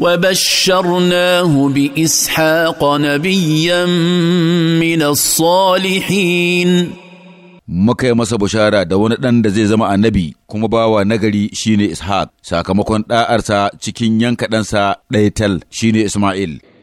وبشرناه باسحاق نبيا من الصالحين muka yi masa bushara da wani ɗan da zai zama annabi kuma bawa nagari shine ishaq sakamakon ɗa'arsa cikin yanka ɗansa ɗaital shine isma'il